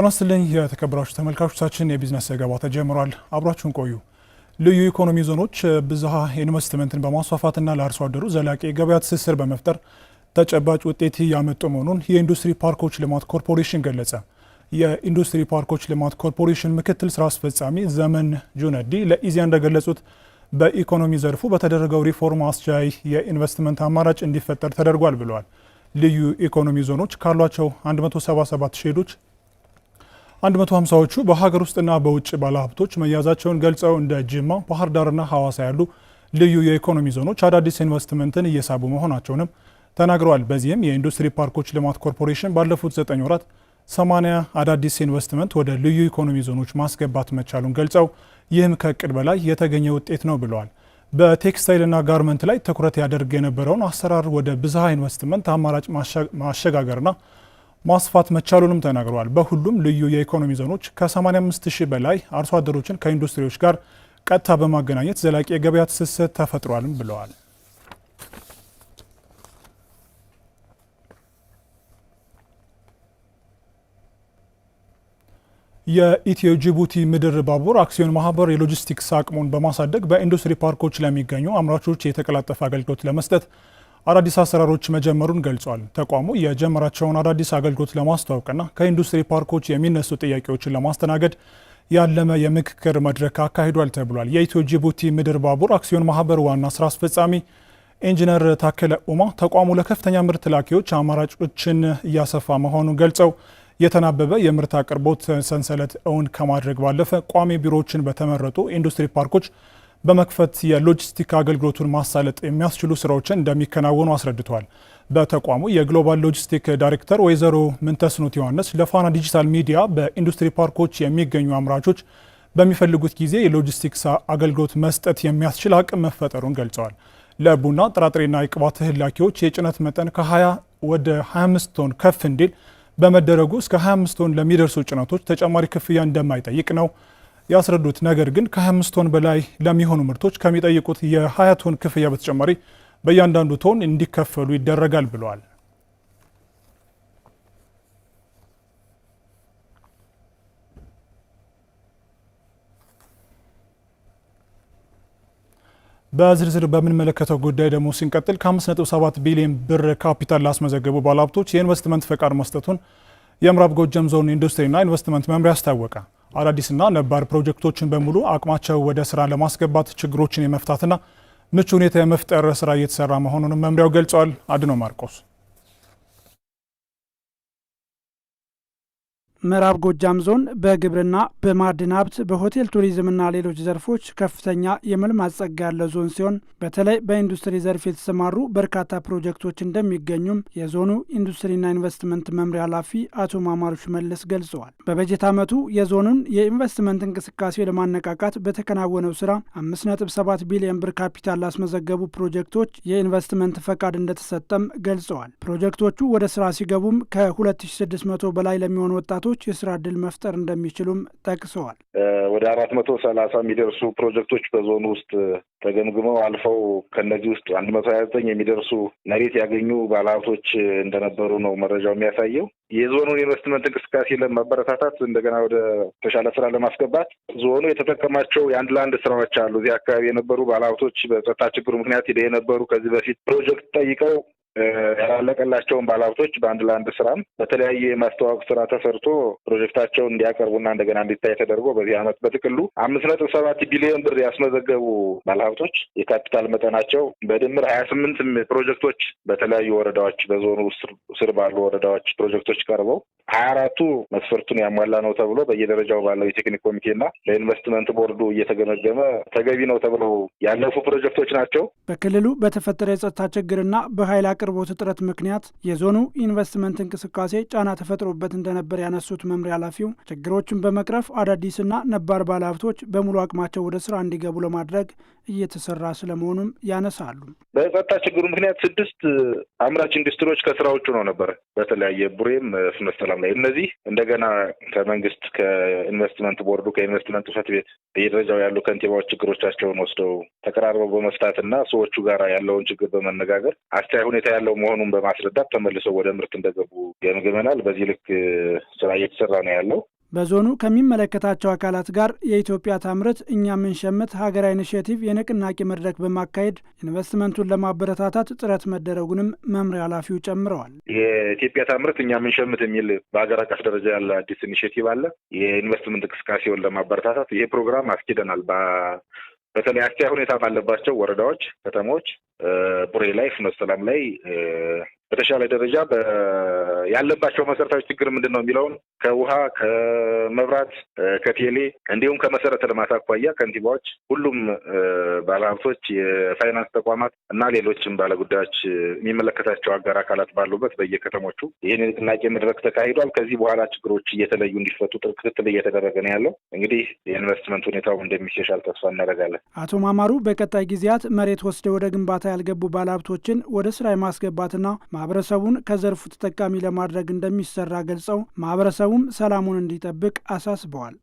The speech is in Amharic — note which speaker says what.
Speaker 1: ጤና ይስጥልኝ የተከበራችሁ ተመልካቾቻችን፣ የቢዝነስ ዘገባ ተጀምሯል። አብራችሁን ቆዩ። ልዩ ኢኮኖሚ ዞኖች ብዝሃ ኢንቨስትመንትን በማስፋፋትና ለአርሶ አደሩ ዘላቂ የገበያ ትስስር በመፍጠር ተጨባጭ ውጤት ያመጡ መሆኑን የኢንዱስትሪ ፓርኮች ልማት ኮርፖሬሽን ገለጸ። የኢንዱስትሪ ፓርኮች ልማት ኮርፖሬሽን ምክትል ስራ አስፈጻሚ ዘመን ጁነዲ ለኢዜአ እንደገለጹት በኢኮኖሚ ዘርፉ በተደረገው ሪፎርም አስቻይ የኢንቨስትመንት አማራጭ እንዲፈጠር ተደርጓል ብለዋል። ልዩ ኢኮኖሚ ዞኖች ካሏቸው 177 ሼዶች 150ዎቹ በሀገር ውስጥና በውጭ ባለሀብቶች መያዛቸውን ገልጸው እንደ ጅማ፣ ባህር ዳርና ሐዋሳ ያሉ ልዩ የኢኮኖሚ ዞኖች አዳዲስ ኢንቨስትመንትን እየሳቡ መሆናቸውንም ተናግረዋል። በዚህም የኢንዱስትሪ ፓርኮች ልማት ኮርፖሬሽን ባለፉት ዘጠኝ ወራት 80 አዳዲስ ኢንቨስትመንት ወደ ልዩ ኢኮኖሚ ዞኖች ማስገባት መቻሉን ገልጸው ይህም ከእቅድ በላይ የተገኘ ውጤት ነው ብለዋል። በቴክስታይልና ጋርመንት ላይ ትኩረት ያደርግ የነበረውን አሰራር ወደ ብዝሃ ኢንቨስትመንት አማራጭ ማሸጋገርና ማስፋት መቻሉንም ተናግረዋል። በሁሉም ልዩ የኢኮኖሚ ዞኖች ከ85 ሺህ በላይ አርሶ አደሮችን ከኢንዱስትሪዎች ጋር ቀጥታ በማገናኘት ዘላቂ የገበያ ትስስር ተፈጥሯልም ብለዋል። የኢትዮ ጅቡቲ ምድር ባቡር አክሲዮን ማህበር የሎጂስቲክስ አቅሙን በማሳደግ በኢንዱስትሪ ፓርኮች ለሚገኙ አምራቾች የተቀላጠፈ አገልግሎት ለመስጠት አዳዲስ አሰራሮች መጀመሩን ገልጿል። ተቋሙ የጀመራቸውን አዳዲስ አገልግሎት ለማስተዋወቅና ከኢንዱስትሪ ፓርኮች የሚነሱ ጥያቄዎችን ለማስተናገድ ያለመ የምክክር መድረክ አካሂዷል ተብሏል። የኢትዮ ጅቡቲ ምድር ባቡር አክሲዮን ማህበር ዋና ስራ አስፈጻሚ ኢንጂነር ታከለ ኡማ ተቋሙ ለከፍተኛ ምርት ላኪዎች አማራጮችን እያሰፋ መሆኑን ገልጸው የተናበበ የምርት አቅርቦት ሰንሰለት እውን ከማድረግ ባለፈ ቋሚ ቢሮዎችን በተመረጡ ኢንዱስትሪ ፓርኮች በመክፈት የሎጂስቲክ አገልግሎቱን ማሳለጥ የሚያስችሉ ስራዎችን እንደሚከናወኑ አስረድተዋል። በተቋሙ የግሎባል ሎጂስቲክ ዳይሬክተር ወይዘሮ ምንተስኖት ዮሐንስ ለፋና ዲጂታል ሚዲያ በኢንዱስትሪ ፓርኮች የሚገኙ አምራቾች በሚፈልጉት ጊዜ የሎጂስቲክስ አገልግሎት መስጠት የሚያስችል አቅም መፈጠሩን ገልጸዋል። ለቡና ጥራጥሬና የቅባት እህል ላኪዎች የጭነት መጠን ከ20 ወደ 25 ቶን ከፍ እንዲል በመደረጉ እስከ 25 ቶን ለሚደርሱ ጭነቶች ተጨማሪ ክፍያ እንደማይጠይቅ ነው ያስረዱት። ነገር ግን ከ25 ቶን በላይ ለሚሆኑ ምርቶች ከሚጠይቁት የ20 ቶን ክፍያ በተጨማሪ በእያንዳንዱ ቶን እንዲከፈሉ ይደረጋል ብለዋል። በዝርዝር በምንመለከተው ጉዳይ ደግሞ ሲንቀጥል ከ5.7 ቢሊዮን ብር ካፒታል ላስመዘገቡ ባለሀብቶች የኢንቨስትመንት ፈቃድ መስጠቱን የምዕራብ ጎጃም ዞን ኢንዱስትሪና ኢንቨስትመንት መምሪያ አስታወቀ። አዳዲስና ነባር ፕሮጀክቶችን በሙሉ አቅማቸው ወደ ስራ ለማስገባት ችግሮችን የመፍታትና ምቹ ሁኔታ የመፍጠር ስራ እየተሰራ መሆኑንም መምሪያው ገልጿል። አድኖ ማርቆስ
Speaker 2: ምዕራብ ጎጃም ዞን በግብርና በማዕድን ሀብት በሆቴል ቱሪዝምና ሌሎች ዘርፎች ከፍተኛ የመልማት ጸጋ ያለው ዞን ሲሆን በተለይ በኢንዱስትሪ ዘርፍ የተሰማሩ በርካታ ፕሮጀክቶች እንደሚገኙም የዞኑ ኢንዱስትሪና ኢንቨስትመንት መምሪያ ኃላፊ አቶ ማማሩ ሽመልስ ገልጸዋል። በበጀት ዓመቱ የዞኑን የኢንቨስትመንት እንቅስቃሴ ለማነቃቃት በተከናወነው ስራ 5.7 ቢሊዮን ብር ካፒታል ላስመዘገቡ ፕሮጀክቶች የኢንቨስትመንት ፈቃድ እንደተሰጠም ገልጸዋል። ፕሮጀክቶቹ ወደ ስራ ሲገቡም ከ2600 በላይ ለሚሆኑ ወጣቶች ፕሮጀክቶች የስራ እድል መፍጠር እንደሚችሉም ጠቅሰዋል።
Speaker 3: ወደ አራት መቶ ሰላሳ የሚደርሱ ፕሮጀክቶች በዞኑ ውስጥ ተገምግመው አልፈው ከነዚህ ውስጥ አንድ መቶ ሀያ ዘጠኝ የሚደርሱ መሬት ያገኙ ባለሀብቶች እንደነበሩ ነው መረጃው የሚያሳየው። የዞኑን ኢንቨስትመንት እንቅስቃሴ ለማበረታታት እንደገና ወደ ተሻለ ስራ ለማስገባት ዞኑ የተጠቀማቸው የአንድ ለአንድ ስራዎች አሉ። እዚህ አካባቢ የነበሩ ባለሀብቶች በጸጥታ ችግሩ ምክንያት ሄደ የነበሩ ከዚህ በፊት ፕሮጀክት ጠይቀው ያላለቀላቸውን ባለሀብቶች በአንድ ለአንድ ስራም በተለያየ የማስተዋወቅ ስራ ተሰርቶ ፕሮጀክታቸውን እንዲያቀርቡና እንደገና እንዲታይ ተደርጎ በዚህ ዓመት በጥቅሉ አምስት ነጥብ ሰባት ቢሊዮን ብር ያስመዘገቡ ባለሀብቶች የካፒታል መጠናቸው በድምር ሀያ ስምንት ፕሮጀክቶች በተለያዩ ወረዳዎች በዞኑ ስር ባሉ ወረዳዎች ፕሮጀክቶች ቀርበው ሀያ አራቱ መስፈርቱን ያሟላ ነው ተብሎ በየደረጃው ባለው የቴክኒክ ኮሚቴና ለኢንቨስትመንት ቦርዱ እየተገመገመ ተገቢ ነው ተብለው ያለፉ ፕሮጀክቶች ናቸው።
Speaker 2: በክልሉ በተፈጠረ የጸጥታ ችግርና በኃይል አቅር አቅርቦት እጥረት ምክንያት የዞኑ ኢንቨስትመንት እንቅስቃሴ ጫና ተፈጥሮበት እንደነበር ያነሱት መምሪያ ኃላፊው ችግሮችን በመቅረፍ አዳዲስና ነባር ባለሀብቶች በሙሉ አቅማቸው ወደ ስራ እንዲገቡ ለማድረግ እየተሰራ ስለመሆኑም ያነሳሉ።
Speaker 3: በጸጥታ ችግሩ ምክንያት ስድስት አምራች ኢንዱስትሪዎች ከስራ ውጭ ነው ነበር፣ በተለያየ ቡሬም ፍኖተ ሰላም ላይ እነዚህ እንደገና ከመንግስት ከኢንቨስትመንት ቦርዱ ከኢንቨስትመንት ጽሕፈት ቤት በየደረጃው ያሉ ከንቲባዎች ችግሮቻቸውን ወስደው ተቀራርበው በመፍታት እና ሰዎቹ ጋር ያለውን ችግር በመነጋገር አስተያይ ሁኔታ ያለው መሆኑን በማስረዳት ተመልሰው ወደ ምርት እንደገቡ ገምግመናል። በዚህ ልክ ስራ እየተሰራ ነው ያለው።
Speaker 2: በዞኑ ከሚመለከታቸው አካላት ጋር የኢትዮጵያ ታምርት እኛ የምንሸምት ሀገራዊ ኢኒሽቲቭ የንቅናቄ መድረክ በማካሄድ ኢንቨስትመንቱን ለማበረታታት ጥረት መደረጉንም መምሪያ ኃላፊው ጨምረዋል።
Speaker 3: የኢትዮጵያ ታምርት እኛ የምንሸምት የሚል በሀገር አቀፍ ደረጃ ያለ አዲስ ኢኒሽቲቭ አለ። የኢንቨስትመንት እንቅስቃሴውን ለማበረታታት ይሄ ፕሮግራም አስኪደናል። በተለይ አስቻይ ሁኔታ ባለባቸው ወረዳዎች፣ ከተሞች ቡሬ ላይ፣ ፍኖተ ሰላም ላይ በተሻለ ደረጃ ያለባቸው መሰረታዊ ችግር ምንድን ነው የሚለውን ከውሃ፣ ከመብራት፣ ከቴሌ እንዲሁም ከመሰረተ ልማት አኳያ ከንቲባዎች፣ ሁሉም ባለሀብቶች፣ የፋይናንስ ተቋማት እና ሌሎችም ባለጉዳዮች የሚመለከታቸው አጋር አካላት ባሉበት በየከተሞቹ ይህን የንቅናቄ መድረክ ተካሂዷል። ከዚህ በኋላ ችግሮች እየተለዩ እንዲፈቱ ክትትል እየተደረገ ነው ያለው። እንግዲህ የኢንቨስትመንት ሁኔታው እንደሚሻሻል ተስፋ እናደርጋለን።
Speaker 2: አቶ ማማሩ በቀጣይ ጊዜያት መሬት ወስደ ወደ ግንባታ ያልገቡ ባለሀብቶችን ወደ ስራ የማስገባትና ማህበረሰቡን ከዘርፉ ተጠቃሚ ለማድረግ እንደሚሰራ ገልጸው ማህበረሰቡም ሰላሙን እንዲጠብቅ አሳስበዋል።